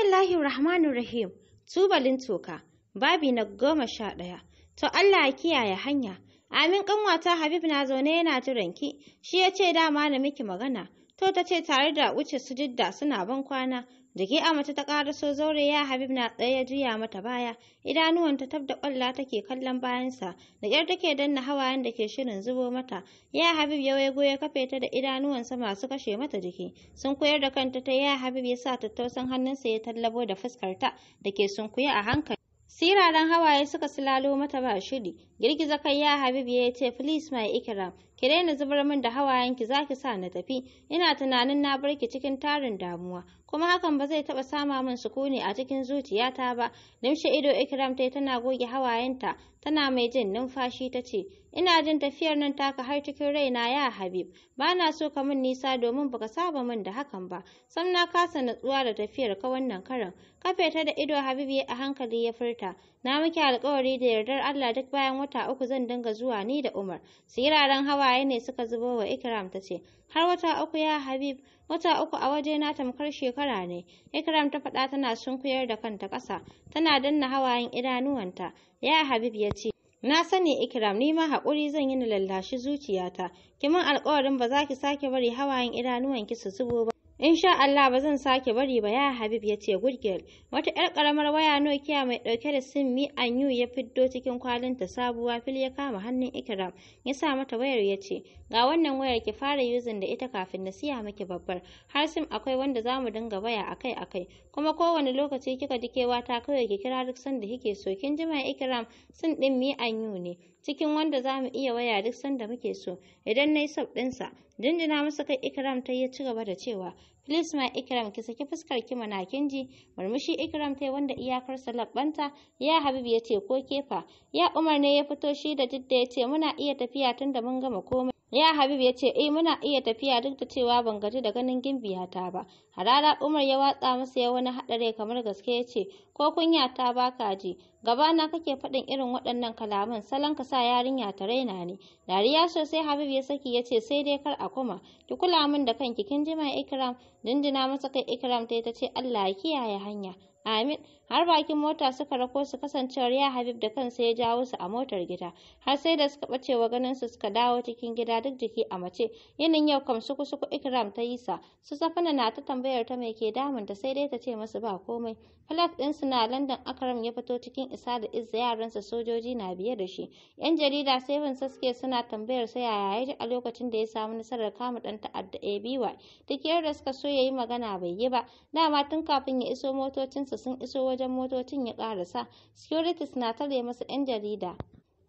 bismillahi Rahmanir Rahim, tubalin toka, babi na goma sha ɗaya. To Allah ya kiyaye hanya. Amin ƙanwata Habib na zaune yana jiranki, shi ya ce dama na miki magana. To ta ce tare da wuce sujidda suna ban kwana, Jiki a mace ta so zaure ya Habib na tsaye ya juya mata baya, idanuwanta tab da ƙwalla take kallon bayansa, da ƙyar take danna hawayen da ke shirin zubo mata. Ya Habib ya waigo ya kafe ta da idanuwansa masu kashe mata jiki, sun koyar da kanta ta ya Habib ya sa tattausan hannunsa ya tallabo da fuskarta da ke sunkuya a hankali. Siraran hawaye suka silalo mata ba shiri, girgiza kai ya Habib ya ce, Please my ikram, ki daina zubar min da hawayenki zaki sa na tafi ina tunanin na bar ki cikin tarin damuwa kuma hakan ba zai taɓa sama min sukuni a cikin zuciyata ba nimshe ido ikram tai tana goge hawayenta tana mai jin numfashi ta ce ina jin tafiyar nan taka har cikin raina ya habib ba na so ka min nisa domin baka saba min da hakan ba sam na kasa natsuwa da tafiyar ka wannan karan kafe ta da ido habib ya a hankali ya furta Na miki alkawari da yardar Allah duk bayan wata uku zan dinga zuwa ni da Umar. Siraran hawaye ne suka zubo wa Ikram ta ce, Har wata uku ya Habib, wata uku a waje na tamkar shekara ne. Ikram ta faɗa tana sunkuyar da kanta ƙasa, tana danna hawayen idanuwanta. Ya Habib ya ce, Na sani Ikiram. ni ma haƙuri zan yi na lallashi zuciyata. Kimin alƙawarin ba za ki sake bari hawayen idanuwanki su zubo ba. In sha Allah ba zan sake bari ba ya Habib ya ce Gurgel Wata ƴar karamar waya Nokia mai ɗauke da sim mi anyu ya fiddo cikin kwalinta sabuwa fil ya kama hannun Ikram ya sa mata wayar ya ce ga wannan wayar ki fara yuzin da ita kafin na siya miki babbar har sim akwai wanda za mu dinga waya akai akai kuma kowane lokaci kika ji kewa ta kawai ki kira duk sanda kike so kin jima Ikram sim din mi anyu ne cikin wanda za mu iya waya duk sanda muke so idan na yi sau ɗinsa jinjina masa kai ikram ta ya ci gaba da cewa please my ikram ki saki fuskar ki mana kin ji murmushi ikram ta wanda iyakarsa sa labbanta ya habibu ya ce ko kefa ya umar ne ya fito shi da jidda ya ce muna iya tafiya tunda mun gama komai Ya Habib ya ce, "Eh muna iya tafiya duk da cewa ban gaji da ganin gimbiyata ba." Harara Umar ya watsa masa ya wani hadare kamar gaske ya ce, "Ko kunya ta baka ji, gabana kake faɗin irin waɗannan kalaman salon ka sa yarinya ta raina ne." Dariya sosai Habib ya saki ya ce, "Sai dai kar a kuma, ki kula min da kanki kin jima Ikram." Jinjina masa kai Ikram ta ta ce, "Allah ya kiyaye hanya." Amin. har bakin mota suka rako su kasancewar ya habib da kansa ya jawo su a motar gida har sai da suka bace wa ganin su suka dawo cikin gida duk jiki a mace yinin yau kam suku suku ikram ta yi sa su safana na ta tambayar ta mai ke damun ta sai dai ta ce masu ba komai flat din su na london akram ya fito cikin isa da izza yaransa sojoji na biye da shi yan jarida sai bin suna tambayar sa yaya ya ji a lokacin da ya samu nasarar kama dan ta'adda aby duk da suka so ya yi magana bai yi ba dama tun kafin ya iso motocinsa sun iso waje. wajen motocin ya ƙarasa securities na tare masa 'yan jarida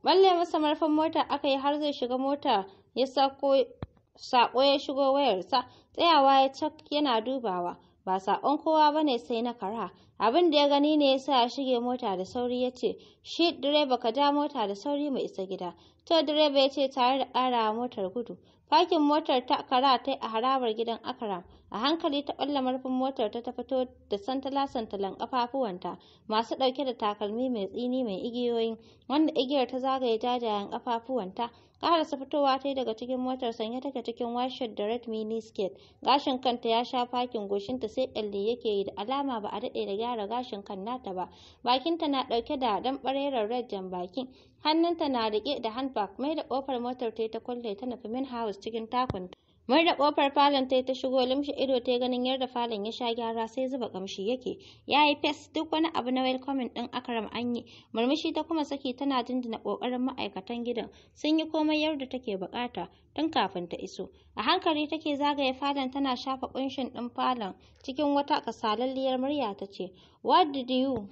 balle masa marfan mota aka yi har zai shiga mota ya sako sako ya shigo wayarsa tsayawa ya cak yana dubawa ba saƙon kowa bane sai na kara abin da ya gani ne yasa ya shige mota da sauri ya ce shi direba ka ja mota da sauri mu isa gida to direba ya ce tare da ƙara motar gudu fakin motar ta kara ta a harabar gidan akram a hankali ta ɓalla marfin motar ta ta fito da santala santalan ƙafafuwanta masu ɗauke da takalmi mai tsini mai igiyoyin wanda igiyar ta zagaye jajayen ƙafafuwanta su fitowa ta yi daga cikin motar sanye take cikin washed da red mini skirt gashin kanta ya sha fakin goshinta sai kyalle yake yi da alama ba a daɗe da gyara gashin kan nata ba bakinta na ɗauke da dan ɓareren red jan bakin hannunta na riƙe da handbag mai da ƙofar motar ta yi ta kulle ta nufi min house cikin takunta da kofar falon ta ta shigo limshi ido ta ganin yadda falon ya sha gyara sai zuba kamshi yake. Ya yi fes duk wani abu na welcome din Akram an yi. Murmushi ta kuma saki tana dindina kokarin ma'aikatan gidan. Sun yi komai yadda take bukata tun kafin ta iso. A hankali take zagaye falon tana shafa kunshin din falon cikin wata kasalalliyar murya ta ce, "What did you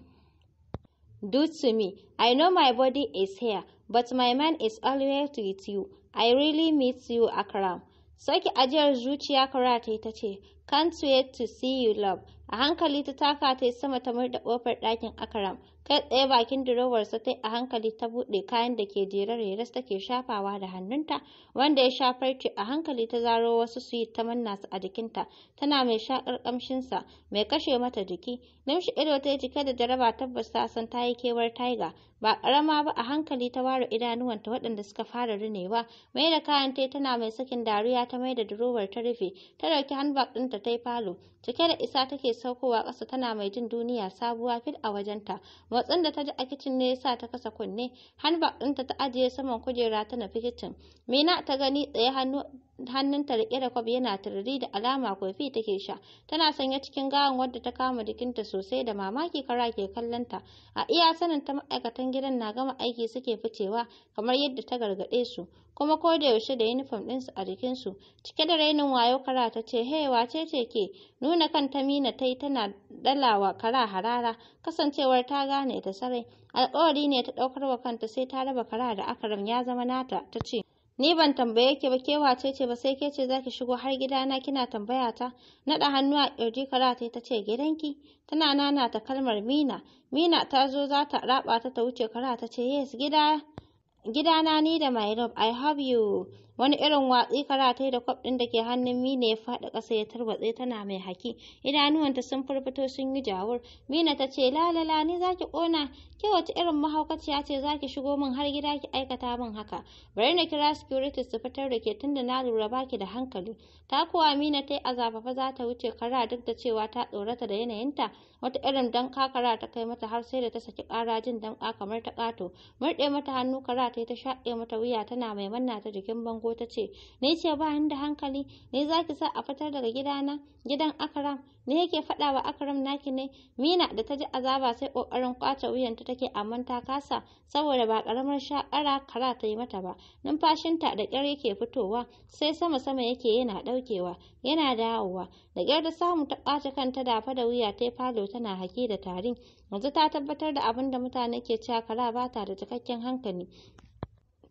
do to me? I know my body is here, but my mind is always with you. I really miss you, Akram." Sauki ajiyar zuciya karate ita ta ce, Can't wait to see you, love. A hankali ta taka ta yi sama ta murda ƙofar ɗakin Akram. Kai tsaye bakin sa ta a hankali ta buɗe kayan da ke jere reras take shafawa da hannunta, wanda ya shafar ce a hankali ta zaro wasu suyi ta manna su a jikinta, tana mai shakar ƙamshinsa, mai kashe mata jiki. Nimshi ido ta yi cike da jaraba tabbas ta san ta yi kewar taiga. Ba ƙarama ba a hankali ta ware idanuwanta waɗanda suka fara rinewa, mai da kayan ta tana mai sakin dariya ta mai da durowar ta rufe, ta ɗauki hanbag ɗinta Satay Paaloh cike da isa take saukowa ƙasa tana mai jin duniya sabuwa fil a wajenta motsin da ta ji a kicin ne yasa ta kasa kunne hanba ɗinta ta ajiye saman kujera ta nufi kicin mina ta gani tsaye hannu hannunta riƙe da kwab yana tururi da alama kofi take sha tana sanya cikin gawan wadda ta kama jikinta sosai da mamaki kara ke kallonta a iya sanin ta ma'aikatan gidan na gama aiki suke ficewa kamar yadda ta gargaɗe su kuma ko da yaushe da yunifom ɗinsu a jikinsu cike da rainin wayo kara ta ce "He wace ce ke nuna kanta mina ta yi tana dalawa kara harara kasancewar ta gane ta sarai alkawari ne ta daukar wa kanta sai ta raba kara da akaram ya zama nata ta ce ni ban tambaye ke ba ke wace ce ba sai ke ce zaki shigo har gidana kina tambaya ta nada hannu a kirji kara ta ta ce gidanki tana nana ta kalmar mina mina ta zo za ta raba ta ta wuce kara ta ce yes gida gidana ni da my love i have you wani irin watsi karatai da kwaf ɗin da ke hannun mina ya faɗi ƙasa ya tarwatse tana mai haki idanuwanta sun firfito sun yi jawur mina ta ce lalala ni zaki ƙona ke wace irin mahaukaciya ce zaki shigo min har gida ki aikata min haka bari na kira security su fitar da ke tunda na lura baki da hankali ta kuwa mina ta yi azafafa za ta wuce kara duk da cewa ta tsorata da yanayinta wata irin dan kakara ta kai mata har sai da ta saki ƙara jin danƙa kamar ta ƙato murɗe mata hannu kara ta yi ta shaƙe mata wuya tana mai manna ta jikin bango ko ta ce ne ce ba da hankali ne za ki sa a fitar daga gidana gidan akram ne yake faɗa wa akram naki ne mina da ta ji azaba sai ƙoƙarin kwace wuyanta take amma ta kasa saboda ba ƙaramar shakara kara ta yi mata ba numfashinta da ƙyar yake fitowa sai sama sama yake yana ɗaukewa yana dawowa da ƙyar da samu ta ƙwace kanta dafa da wuya ta falo tana haki da tarin yanzu ta tabbatar da abin da mutane ke cewa kara ba ta da cikakken hankali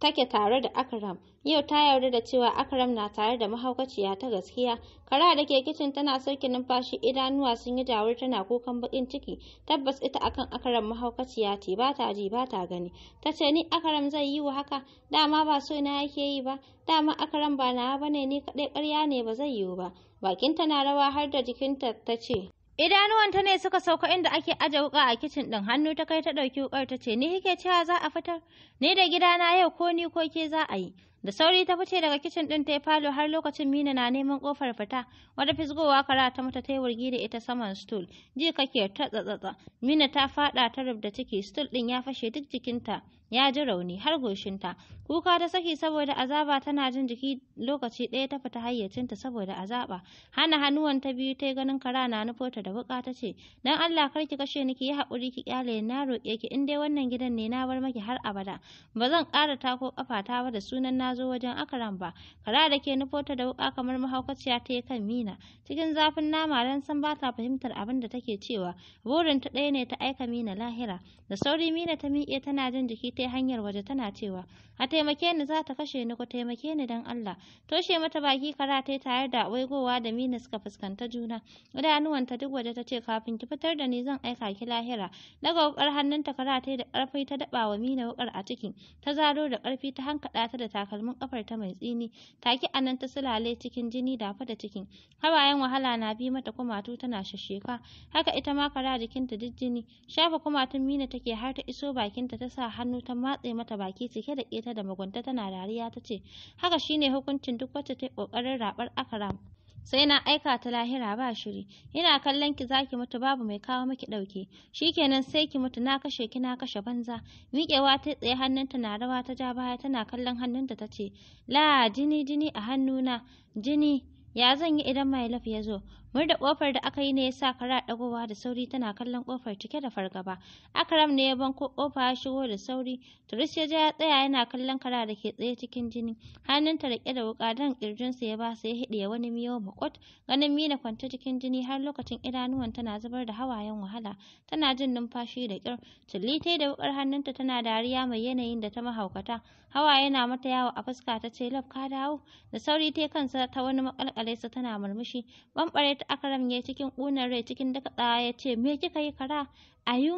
take tare da Akram. Yau ta yarda da cewa Akram na tare da mahaukaciya ta gaskiya. Kara da ke kicin tana sauke numfashi idanuwa sun yi jawur tana kukan bakin ciki. Tabbas ita akan Akram mahaukaciya ce ba ta ji ba ta gani. Ta ce ni Akram zai yi wa haka dama ba so na yake yi ba. Dama Akram ba na bane ni kaɗai ƙarya ne ba zai yiwu ba. bakin tana rawa har da jikinta ta ce. Idanuwanta ne suka sauka inda ake aje wuka a kicin ɗin hannu ta kai ta ɗauki wukar ta ce, Ni kike cewa za a fitar? Ni da gidana yau ko ni ko ke za a yi? Da sauri ta fice daga kicin ɗin ta falo har lokacin Mina na neman ƙofar fita, wata fisgowa kara ta mata ta yi da ita saman stool. Ji kake ta tsatsatsa. Mina ta faɗa ta rubda ciki, stool ɗin ya fashe duk jikinta. Ya ji rauni har goshinta. Kuka ta saki saboda azaba tana jin jiki lokaci ɗaya ta fita hayyacinta saboda azaba. Hana hannuwan ta biyu ta yi ganin kara na nufo ta da wuƙa ta ce, "Dan Allah kar ki kashe ni ki yi haƙuri ki ƙyale na roƙe ki in dai wannan gidan ne na bar maki har abada. Ba zan ƙara tako ƙafata ba da sunan na zo wajen akaran ba kara da ke nufota da wuka kamar mahaukaciya ta yi kan mina cikin zafin nama dan san ba ta fahimtar abin da take cewa burin ta ɗaya ne ta aika mina lahira da sauri mina ta miƙe tana jin jiki ta hanyar waje tana cewa a taimake ni za ta kashe ni ku taimake ni dan Allah toshe mata baki kara ta tare da waigowa da mina suka fuskanta juna idanuwanta duk waje ta ce kafin ki fitar da ni zan aika ki lahira daga wukar hannunta kara ta da ƙarfi ta daɓa wa mina wukar a ciki ta zaro da ƙarfi ta hankaɗa ta da takalmi takalmin kafar ta mai tsini take nan ta sulale cikin jini dafa da cikin hawayen wahala na bi mata kumatu tana shasheka haka ita ma kara jikinta duk jini shafa kumatun mina take har ta iso bakinta ta sa hannu ta matse mata baki cike da keta da magunta tana dariya ta ce haka shine hukuncin duk wacce ta yi kokarin rabar akaram sai na aika ta lahira ba shiri ina kallon ki zaki mutu babu mai kawo miki dauke shikenan sai ki mutu na kashe ki na kashe banza miƙewa ta tsaye hannunta na rawa ta ja baya tana kallon hannunta ta ce la jini jini a hannuna jini ya zan yi idan mai lafi ya zo murda kofar da aka yi ne ya sa kara dagowa da sauri tana kallon kofar cike da fargaba akram ne ya banko kofa ya shigo da sauri turis ya ja tsaya yana kallon kara da ke tsaye cikin jini hannunta rike da wuka dan kirjinsa ya ba sai hidiye wani miyo makot ganin mina kwanta cikin jini har lokacin idanuwan tana zubar da hawayen wahala tana jin numfashi da kyar tulli tai da wukar hannunta tana dariya mai yanayin da ta mahaukata hawa yana mata yawo a fuska ta ce lab ka dawo da sauri tai kansa ta wani makalkale tana murmushi bambare Comrade Akram ya cikin ƙunar rai cikin dakaɗawa ya ce, Me kika yi kara? Are you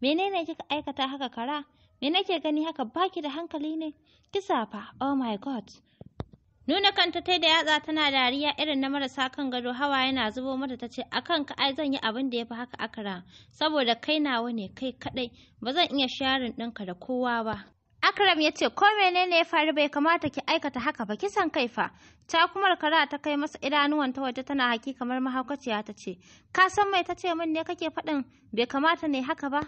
Menene kika aikata haka kara? Me nake gani haka baki da hankali ne? Kisa fa, oh my god. Nuna kanta tai da yatsa tana dariya irin na marasa kan gado hawa yana zubo mata ta ce, A ka ai zan yi abin da ya fi haka akara, saboda kai nawa ne kai kaɗai, ba zan iya sharin ɗinka da kowa ba. Akram ya ce ko menene ya faru bai kamata ki aikata haka ba kisan kai fa. Ta kuma kara ta kai masa idanuwan ta waje tana haki kamar mahaukaciya ta ce, "Ka san mai ta ce min ne kake faɗin bai kamata ne haka ba?"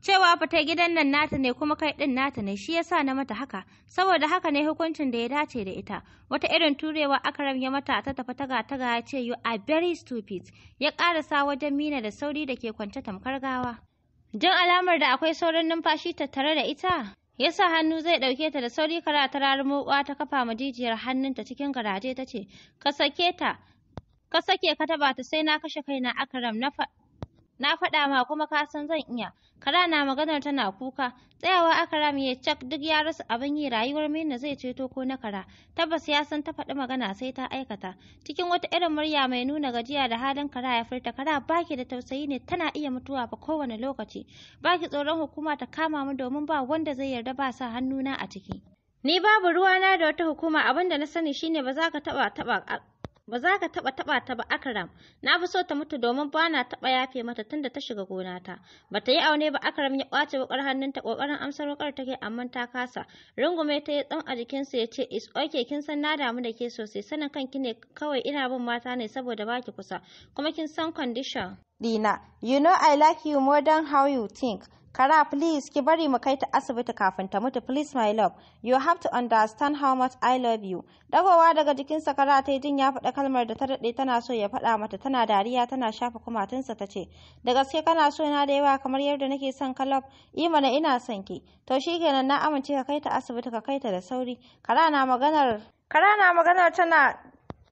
Cewa fita gidan nan nata ne kuma kai ɗin nata ne shi yasa na mata haka, saboda haka ne hukuncin da ya dace da ita. Wata irin turewa Akram ya mata ta tafi taga taga ya ce you are very stupid. Ya ƙarasa wajen mina da sauri da ke kwance tamkar gawa. Jin alamar da akwai sauran numfashi tattare da ita, ya sa hannu zai ɗauke ta da sauri kara ta rarumo ta kafa ma jijiyar hannunta cikin garaje ta ce ka sake ta ka sake ka taba ta sai na kashe kaina akram na Na faɗa ma kuma ka san zan iya. Kara na maganar tana kuka. Tsayawa aka rami ya cak duk ya rasa abin yi rayuwar Minna zai ceto ko na kara. Tabbas ya san ta faɗi magana sai ta aikata. Cikin wata irin murya mai nuna gajiya da halin kara ya furta kara baki da tausayi ne tana iya mutuwa fa kowane lokaci. Baki tsoron hukuma ta kama mu domin ba wanda zai yarda ba sa hannuna a ciki. Ni babu ruwana da wata hukuma abin da na sani shine ba za ka taba taba ba za ka taɓa taɓa ta ba Akram na fi so ta mutu domin ba na taɓa yafe mata tunda ta shiga gonata ba ta yi aune ba Akram ya ɓace wukar hannunta ƙoƙarin amsar ta kai amma ta kasa rungume ta yi tsan a jikinsa ya ce is okay kin san na damu da ke sosai sanin kanki ne kawai ina bin mata ne saboda baki kusa kuma kin san condition dina you know I like you more than how you think Kara, please, ki bari mu kai ta asibiti kafin ta mutu, please, my love. You have to understand how much I love you. Dagowa daga jikinsa kara ta jin ya faɗa kalmar da ta daɗe tana so ya faɗa mata, tana dariya, tana shafa kumatunsa ta ce, Da gaske kana so na da yawa kamar yadda nake son ka love, imana ina son ki. To shi kenan na amince ka kai ta asibiti ka kai ta da sauri. Kara na maganar Kara na maganar tana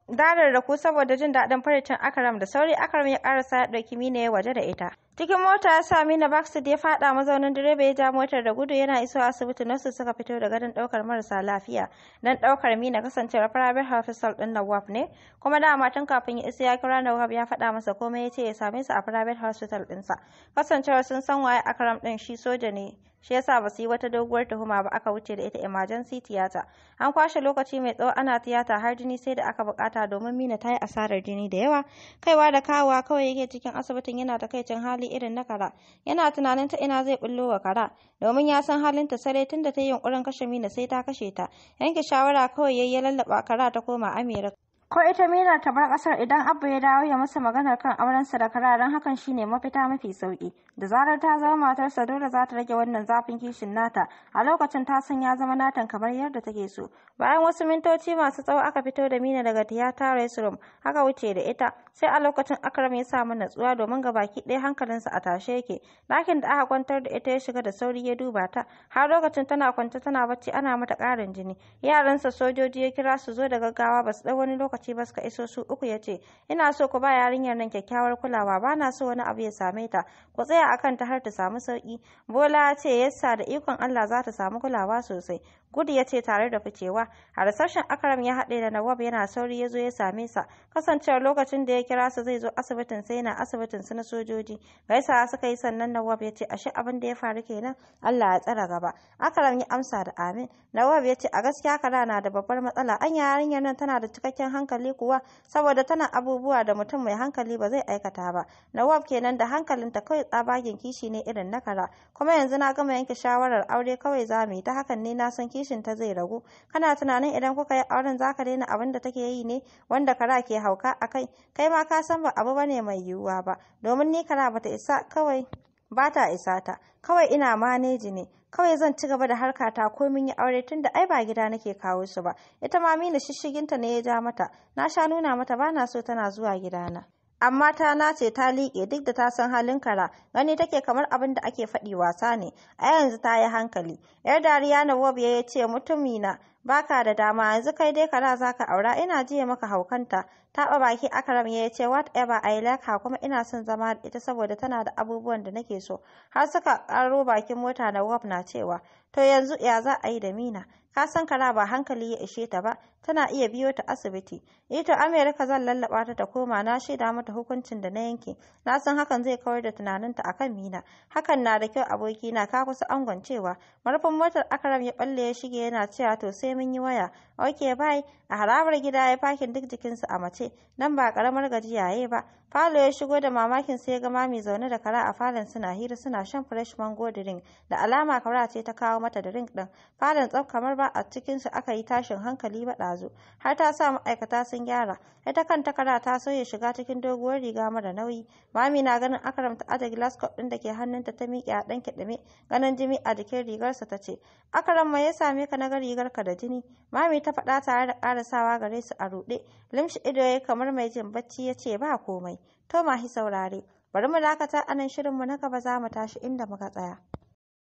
darar da ku saboda jin daɗin farcen akaram da sauri akaram ya ƙarasa ya ɗauki na ya waje da ita Cikin mota ya sami na Backseat ya fada mazaunin direba ya ja motar da gudu yana iso asibiti nasu suka fito da gadon ɗaukar marasa lafiya dan ɗaukar mina kasancewar private hospital din Nawab ne kuma dama tun kafin ya isa ya kira Nawab ya faɗa masa komai ya ce ya same su a private hospital dinsa kasancewar sun san waye Akram din shi soja ne shi yasa ba su yi wata doguwar tuhuma ba aka wuce da ita emergency tiyata an kwashe lokaci mai tsawo ana tiyata har jini sai da aka bukata domin mina ta yi asarar jini da yawa kaiwa da kawowa kawai yake cikin asibitin yana takaicin hali irin na kara yana tunanin ta ina zai bullo wa kara domin ya san halin ta sare tun da ta yi yunkurin kashe mina sai ta kashe ta yanke shawara kawai yayi ya lallaba kara ta koma amerika ko ita mirar ta bar kasar idan abba ya dawo ya masa maganar kan auren sa da kararan hakan shine mafita mafi sauki da zarar ta zama matarsa dole za ta rage wannan zafin kishin nata a lokacin ta san ya zama natan kamar yadda take so bayan wasu mintoci masu tsawo aka fito da mina daga tiyata restroom aka wuce da ita sai a lokacin akram ya samu natsuwa domin ga baki ɗaya hankalinsa a tashe yake ɗakin da aka kwantar da ita ya shiga da sauri ya duba ta har lokacin tana kwance tana bacci ana mata ƙarin jini yaransa sojoji ya kira su zo da gaggawa ba su ɗau wani lokaci lokaci ba suka iso su uku ya ce ina so ku ba yarinyar nan kyakkyawar kulawa ba na so wani abu ya same ta ku tsaya akan ta har ta samu sauki bola ya ce yassa da ikon Allah za ta samu kulawa sosai gudu ya ce tare da ficewa a rasashen akaram ya haɗe da nawab yana sauri ya zo ya same sa kasancewa lokacin da ya kira su zai zo asibitin sai na asibitin su na sojoji gaisawa suka yi sannan nawab ya ce ashe abin da ya faru kenan allah ya tsara gaba akram ya amsa da amin nawab ya ce a gaskiya kara na da babbar matsala an yarinyar nan tana da cikakken hankali kuwa saboda tana abubuwa da mutum mai hankali ba zai aikata ba nawab kenan da hankalinta kawai tsabagin kishi ne irin na kara kuma yanzu na gama yanke shawarar aure kawai za mu yi ta hakan ne na san kishi ta zai ragu kana tunanin idan kuka yi auren za ka daina abin da take yi ne wanda kara ke hauka a kai kai ma ka san ba abu bane mai yiwuwa ba domin ni kara bata isa kawai ba ta isa ta kawai ina maneji ne kawai zan ci gaba da harka ta ko min yi aure tun da ai ba gida nake kawo su ba ita ma mini shishiginta ne ya ja mata na sha nuna mata bana so tana zuwa gidana amma ta ce ta liƙe duk da ta san halin kara gani take kamar abin da ake faɗi wasa ne a yanzu ta yi hankali yar dariya na wobiya ya ce mutumina baka da dama yanzu kai dai kara za ka aura ina jiya maka haukanta taɓa baki akaram ya ce whatever i like her kuma ina son zama da ita saboda tana da abubuwan da nake so har suka ƙaro bakin mota na wob na cewa to yanzu ya za a yi da mina ka san kara ba hankali ya ishe ta ba tana iya biyo ta asibiti ita eh amerika zan lallaba ta ta koma na shaida mata hukuncin da na yanke na san hakan zai kawar da tunaninta akan mina hakan na da kyau aboki na ka kusa angon cewa marfin motar akram ya balle ya shige yana cewa to sai mun yi waya ok bai. a harabar gida ya fakin duk jikin su a mace nan ba karamar gajiya yayi ba falo ya shigo da mamakin sai ya ga mami zaune da kara a falon suna hira suna shan fresh mango drink da alama kara ce ta kawo mata drink din falon tsaf kamar ba a cikin su aka yi tashin hankali ba zo har ta sa ma'aikata sun gyara ita kan takara ta sauya shiga cikin doguwar riga mara nauyi mami na ganin akaram ta aje glass cup din da ke hannunta ta miƙe a ɗan kiɗime ganin jini a jikin rigarsa ta ce akaram ma ya same ka na ga rigarka da jini mami ta faɗa tare da sawa gare su a ruɗe limshi ido ya kamar mai jin bacci ya ce ba komai to mahi saurare bari mu dakata anan mu na gaba za mu tashi inda muka tsaya